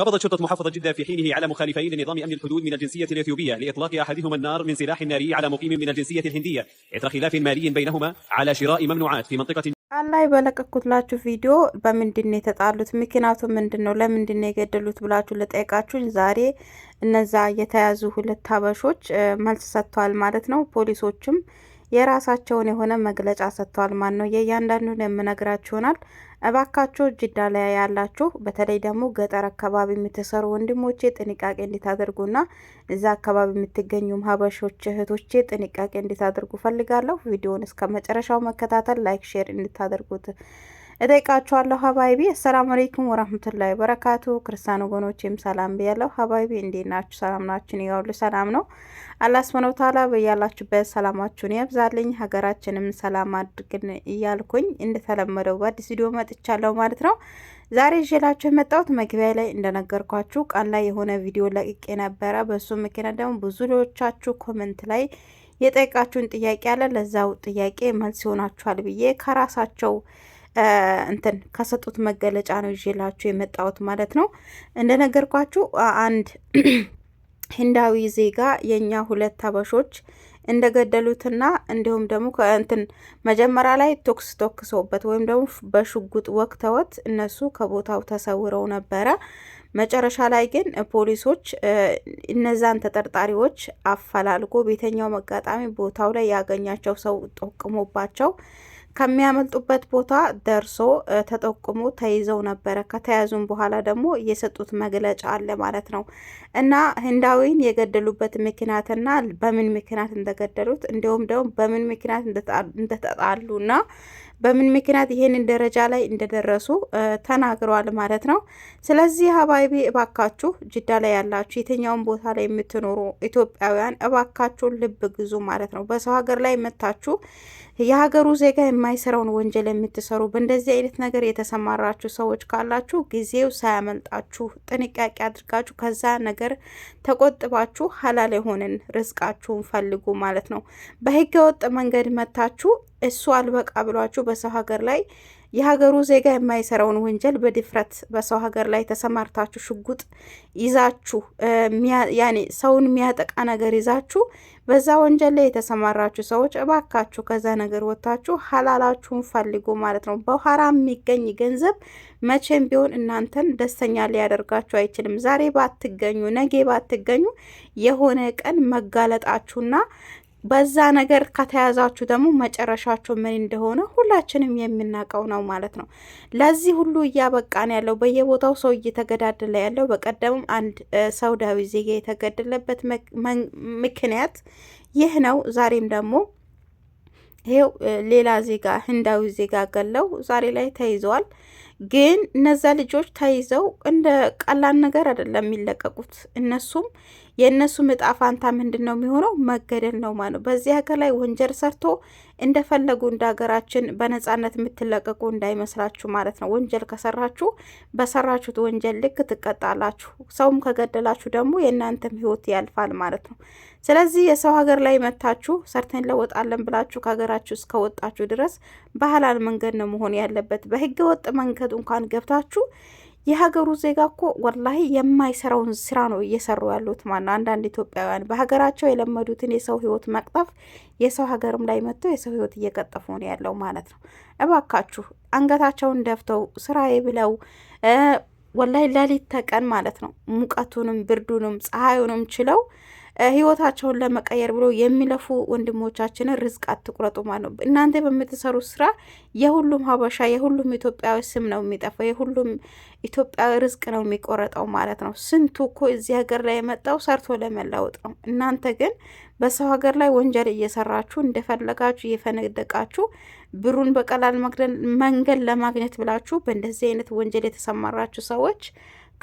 قبضت شرطة محافظة جدة في حينه على مخالفين لنظام أمن الحدود من الجنسية الإثيوبية لإطلاق أحدهما النار من سلاح ناري على مقيم من الجنسية الهندية إثر خلاف مالي بينهما على شراء ممنوعات في منطقة الله يبارك لكم لا تشوف فيديو بمن በምንድን ነው የተጣሉት? من ምንድን لا من ነው የገደሉት ብላችሁ ለጠየቃችሁኝ ዛሬ እነዛ የተያዙ ሁለት ሀበሾች መልስ ሰጥተዋል ማለት ነው። ፖሊሶችም የራሳቸውን የሆነ መግለጫ ሰጥተዋል። ማን ነው የእያንዳንዱን የምነግራችሁ ይሆናል። እባካችሁ ጅዳ ላይ ያላችሁ በተለይ ደግሞ ገጠር አካባቢ የምትሰሩ ወንድሞቼ ጥንቃቄ እንዲታደርጉና እዛ አካባቢ የምትገኙ ሀበሾች እህቶቼ ጥንቃቄ እንዲታደርጉ ፈልጋለሁ። ቪዲዮን እስከ መጨረሻው መከታተል፣ ላይክ፣ ሼር እንድታደርጉት እጠይቃችኋለሁ ሀባይቢ። አሰላሙ አለይኩም ወራህመቱላሂ ወበረካቱ። ክርስቲያን ወገኖቼም ሰላም ብያለሁ። ሀባይቢ እንዴት ናችሁ? ሰላም ናችሁን? ይኸውልህ ሰላም ነው። አላህ ሱብሐነሁ ወተዓላ በያላችሁበት ሰላማችሁን ያብዛልኝ፣ ሀገራችንም ሰላም አድርግን እያልኩኝ እንደተለመደው በአዲስ ቪዲዮ መጥቻለሁ ማለት ነው። ዛሬ ይዤላችሁ የመጣሁት መግቢያ ላይ እንደነገርኳችሁ ቀን ላይ የሆነ ቪዲዮ ለቅቄ ነበረ። በሱ ምክንያት ደግሞ ብዙዎቻችሁ ኮመንት ላይ የጠየቃችሁን ጥያቄ አለ። ለዛው ጥያቄ መልስ ይሆናችኋል ብዬ ከራሳቸው እንትን ከሰጡት መገለጫ ነው ይዤላችሁ የመጣሁት ማለት ነው። እንደነገርኳችሁ አንድ ህንዳዊ ዜጋ የእኛ ሁለት ሀበሾች እንደገደሉትና እንዲሁም ደግሞ ከእንትን መጀመሪያ ላይ ቶክስ ቶክሶበት ወይም ደግሞ በሽጉጥ ወቅተወት እነሱ ከቦታው ተሰውረው ነበረ። መጨረሻ ላይ ግን ፖሊሶች እነዛን ተጠርጣሪዎች አፈላልጎ ቤተኛው መጋጣሚ ቦታው ላይ ያገኛቸው ሰው ጠቁሞባቸው ከሚያመልጡበት ቦታ ደርሶ ተጠቁሞ ተይዘው ነበረ። ከተያዙም በኋላ ደግሞ የሰጡት መግለጫ አለ ማለት ነው እና ህንዳዊን የገደሉበት ምክንያትና በምን ምክንያት እንደገደሉት እንዲሁም ደግሞ በምን ምክንያት እንደተጣሉና በምን ምክንያት ይሄንን ደረጃ ላይ እንደደረሱ ተናግረዋል ማለት ነው። ስለዚህ ሀባይቢ እባካችሁ ጅዳ ላይ ያላችሁ የትኛውን ቦታ ላይ የምትኖሩ ኢትዮጵያውያን እባካችሁን ልብ ግዙ ማለት ነው። በሰው ሀገር ላይ መታችሁ የሀገሩ ዜጋ የማይሰራውን ወንጀል የምትሰሩ በእንደዚህ አይነት ነገር የተሰማራችሁ ሰዎች ካላችሁ ጊዜው ሳያመልጣችሁ ጥንቃቄ አድርጋችሁ ከዛ ነገር ተቆጥባችሁ ሀላል የሆንን ርዝቃችሁን ፈልጉ ማለት ነው። በህገ ወጥ መንገድ መታችሁ እሱ አልበቃ ብሏችሁ በሰው ሀገር ላይ የሀገሩ ዜጋ የማይሰራውን ወንጀል በድፍረት በሰው ሀገር ላይ ተሰማርታችሁ ሽጉጥ ይዛችሁ ያኔ ሰውን የሚያጠቃ ነገር ይዛችሁ በዛ ወንጀል ላይ የተሰማራችሁ ሰዎች እባካችሁ ከዛ ነገር ወጥታችሁ ሀላላችሁን ፈልጉ ማለት ነው። በሐራም የሚገኝ ገንዘብ መቼም ቢሆን እናንተን ደስተኛ ሊያደርጋችሁ አይችልም። ዛሬ ባትገኙ፣ ነጌ ባትገኙ የሆነ ቀን መጋለጣችሁና በዛ ነገር ከተያዛችሁ ደግሞ መጨረሻችሁ ምን እንደሆነ ሁላችንም የምናውቀው ነው ማለት ነው። ለዚህ ሁሉ እያበቃን ያለው በየቦታው ሰው እየተገዳደለ ያለው በቀደምም አንድ ሳውዳዊ ዜጋ የተገደለበት ምክንያት ይህ ነው። ዛሬም ደግሞ ይሄው ሌላ ዜጋ ህንዳዊ ዜጋ ገለው ዛሬ ላይ ተይዘዋል። ግን እነዛ ልጆች ተይዘው እንደ ቀላል ነገር አይደለም የሚለቀቁት እነሱም የእነሱ እጣ ፋንታ ምንድን ነው የሚሆነው? መገደል ነው ማለት ነው። በዚህ ሀገር ላይ ወንጀል ሰርቶ እንደፈለጉ እንደ ሀገራችን በነጻነት የምትለቀቁ እንዳይመስላችሁ ማለት ነው። ወንጀል ከሰራችሁ በሰራችሁት ወንጀል ልክ ትቀጣላችሁ። ሰውም ከገደላችሁ ደግሞ የእናንተም ህይወት ያልፋል ማለት ነው። ስለዚህ የሰው ሀገር ላይ መታችሁ ሰርተን ለወጣለን ብላችሁ ከሀገራችሁ እስከወጣችሁ ድረስ ባህላል መንገድ ነው መሆን ያለበት። በህገ ወጥ መንገድ እንኳን ገብታችሁ የሀገሩ ዜጋ እኮ ወላሂ የማይሰራውን ስራ ነው እየሰሩ ያሉት። ማና አንዳንድ ኢትዮጵያውያን በሀገራቸው የለመዱትን የሰው ህይወት መቅጠፍ የሰው ሀገርም ላይ መጥተው የሰው ህይወት እየቀጠፉ ነው ያለው ማለት ነው። እባካችሁ አንገታቸውን ደፍተው ስራዬ ብለው ወላሂ ለሊት ተቀን ማለት ነው ሙቀቱንም ብርዱንም ፀሐዩንም ችለው ህይወታቸውን ለመቀየር ብሎ የሚለፉ ወንድሞቻችንን ርዝቅ አትቁረጡ ማለት ነው። እናንተ በምትሰሩት ስራ የሁሉም ሀበሻ የሁሉም ኢትዮጵያዊ ስም ነው የሚጠፋው፣ የሁሉም ኢትዮጵያዊ ርዝቅ ነው የሚቆረጠው ማለት ነው። ስንቱ እኮ እዚህ ሀገር ላይ የመጣው ሰርቶ ለመለወጥ ነው። እናንተ ግን በሰው ሀገር ላይ ወንጀል እየሰራችሁ እንደፈለጋችሁ እየፈነደቃችሁ ብሩን በቀላል መንገድ ለማግኘት ብላችሁ በእንደዚህ አይነት ወንጀል የተሰማራችሁ ሰዎች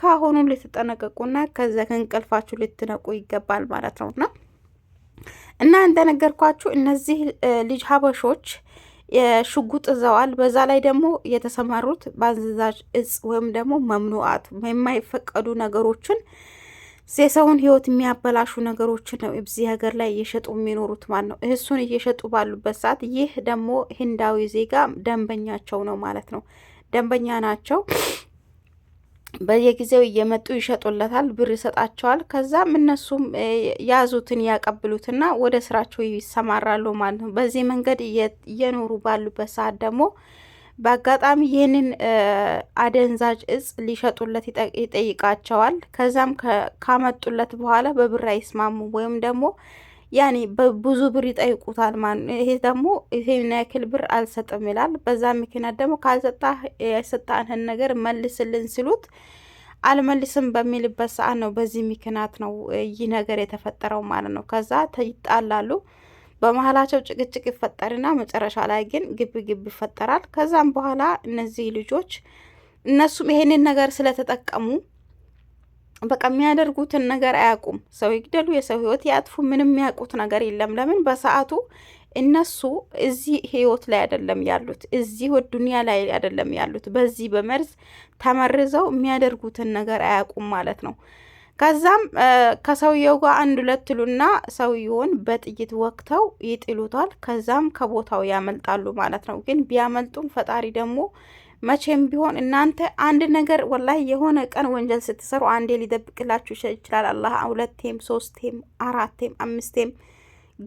ከአሁኑ ልትጠነቀቁና ከዚያ ከእንቅልፋችሁ ልትነቁ ይገባል ማለት ነውና እና እንደነገርኳችሁ እነዚህ ልጅ ሀበሾች ሽጉጥ ይዘዋል። በዛ ላይ ደግሞ የተሰማሩት በአዘዛዥ እጽ ወይም ደግሞ መምኑአት የማይፈቀዱ ነገሮችን የሰውን ህይወት የሚያበላሹ ነገሮችን ነው እዚህ ሀገር ላይ እየሸጡ የሚኖሩት ማለት ነው። እሱን እየሸጡ ባሉበት ሰዓት ይህ ደግሞ ሂንዳዊ ዜጋ ደንበኛቸው ነው ማለት ነው። ደንበኛ ናቸው። በየጊዜው እየመጡ ይሸጡለታል፣ ብር ይሰጣቸዋል። ከዛም እነሱም ያዙትን ያቀብሉትና ወደ ስራቸው ይሰማራሉ ማለት ነው። በዚህ መንገድ እየኖሩ ባሉበት ሰዓት ደግሞ በአጋጣሚ ይህንን አደንዛዥ እጽ ሊሸጡለት ይጠይቃቸዋል። ከዛም ካመጡለት በኋላ በብር አይስማሙም ወይም ደግሞ ያኔ ብዙ ብር ይጠይቁታል። ማ ይሄ ደግሞ ይሄን ያክል ብር አልሰጥም ይላል። በዛ ምክንያት ደግሞ ካልሰጣ የሰጣንህን ነገር መልስልን ሲሉት አልመልስም በሚልበት ሰዓት ነው። በዚህ ምክንያት ነው ይህ ነገር የተፈጠረው ማለት ነው። ከዛ ይጣላሉ። በመሀላቸው ጭቅጭቅ ይፈጠርና መጨረሻ ላይ ግን ግብ ግብ ይፈጠራል። ከዛም በኋላ እነዚህ ልጆች እነሱም ይሄንን ነገር ስለተጠቀሙ በቃ የሚያደርጉትን ነገር አያውቁም። ሰው ይግደሉ፣ የሰው ህይወት ያጥፉ፣ ምንም የሚያውቁት ነገር የለም። ለምን በሰዓቱ እነሱ እዚህ ህይወት ላይ አይደለም ያሉት፣ እዚህ ዱኒያ ላይ አይደለም ያሉት። በዚህ በመርዝ ተመርዘው የሚያደርጉትን ነገር አያውቁም ማለት ነው። ከዛም ከሰውየው ጋር አንድ ሁለት ሉና ሰውየውን በጥይት ወቅተው ይጥሉታል። ከዛም ከቦታው ያመልጣሉ ማለት ነው። ግን ቢያመልጡም ፈጣሪ ደግሞ መቼም ቢሆን እናንተ አንድ ነገር ወላሂ የሆነ ቀን ወንጀል ስትሰሩ አንዴ ሊደብቅላችሁ ይችላል አላህ፣ ሁለቴም፣ ሶስቴም፣ አራቴም፣ አምስቴም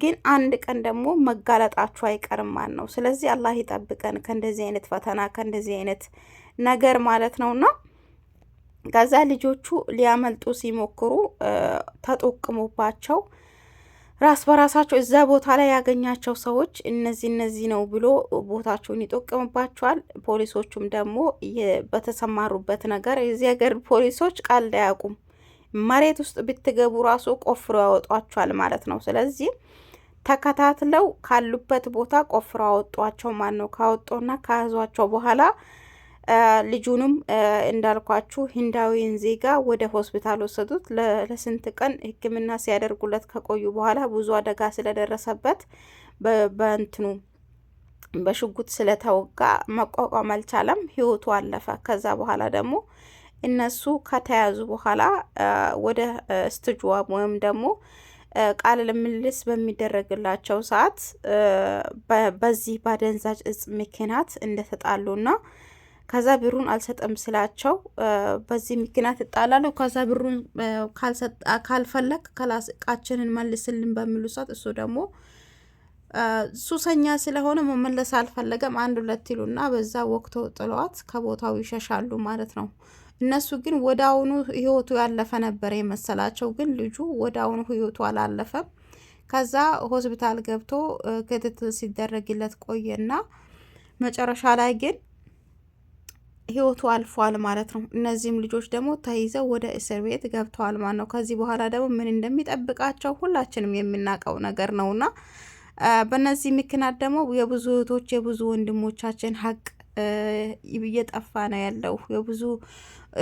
ግን አንድ ቀን ደግሞ መጋለጣችሁ አይቀርም ማለት ነው። ስለዚህ አላህ ይጠብቀን ከእንደዚህ አይነት ፈተና ከእንደዚህ አይነት ነገር ማለት ነውና ከዛ ልጆቹ ሊያመልጡ ሲሞክሩ ተጠቅሙባቸው። ራስ በራሳቸው እዛ ቦታ ላይ ያገኛቸው ሰዎች እነዚህ እነዚህ ነው ብሎ ቦታቸውን ይጠቀምባቸዋል። ፖሊሶቹም ደግሞ በተሰማሩበት ነገር የዚህ ሀገር ፖሊሶች ቃል አያውቁም። መሬት ውስጥ ብትገቡ ራሱ ቆፍሮ ያወጧቸዋል ማለት ነው። ስለዚህ ተከታትለው ካሉበት ቦታ ቆፍሮ አወጧቸው። ማን ነው ካወጡና ከያዟቸው በኋላ ልጁንም እንዳልኳችሁ ሂንዳዊን ዜጋ ወደ ሆስፒታል ወሰዱት። ለስንት ቀን ህክምና ሲያደርጉለት ከቆዩ በኋላ ብዙ አደጋ ስለደረሰበት በእንትኑ በሽጉጥ ስለተወጋ መቋቋም አልቻለም፣ ህይወቱ አለፈ። ከዛ በኋላ ደግሞ እነሱ ከተያዙ በኋላ ወደ ስትጅዋ ወይም ደግሞ ቃለ ምልልስ በሚደረግላቸው ሰዓት በዚህ ባደንዛዥ እጽ ምክንያት እንደተጣሉና ከዛ ብሩን አልሰጠም ስላቸው በዚህ ምክንያት እጣላለሁ። ከዛ ብሩን ካልፈለግ ከላስ እቃችንን መልስልን በሚሉ ሰት እሱ ደግሞ ሱሰኛ ስለሆነ መመለስ አልፈለገም። አንድ ሁለት ይሉና በዛ ወቅቶ ጥለዋት ከቦታው ይሸሻሉ ማለት ነው። እነሱ ግን ወደ አሁኑ ህይወቱ ያለፈ ነበር የመሰላቸው፣ ግን ልጁ ወደ አሁኑ ህይወቱ አላለፈም። ከዛ ሆስፒታል ገብቶ ክትትል ሲደረግለት ቆየና መጨረሻ ላይ ግን ህይወቱ አልፏል ማለት ነው። እነዚህም ልጆች ደግሞ ተይዘው ወደ እስር ቤት ገብተዋል ማለት ነው። ከዚህ በኋላ ደግሞ ምን እንደሚጠብቃቸው ሁላችንም የምናውቀው ነገር ነውና በእነዚህ ምክንያት ደግሞ የብዙ እህቶች የብዙ ወንድሞቻችን ሀቅ እየጠፋ ነው ያለው። የብዙ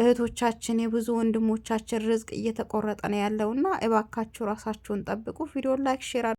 እህቶቻችን የብዙ ወንድሞቻችን ርዝቅ እየተቆረጠ ነው ያለውና እባካችሁ ራሳችሁን ጠብቁ። ቪዲዮ ላይክ፣ ሼር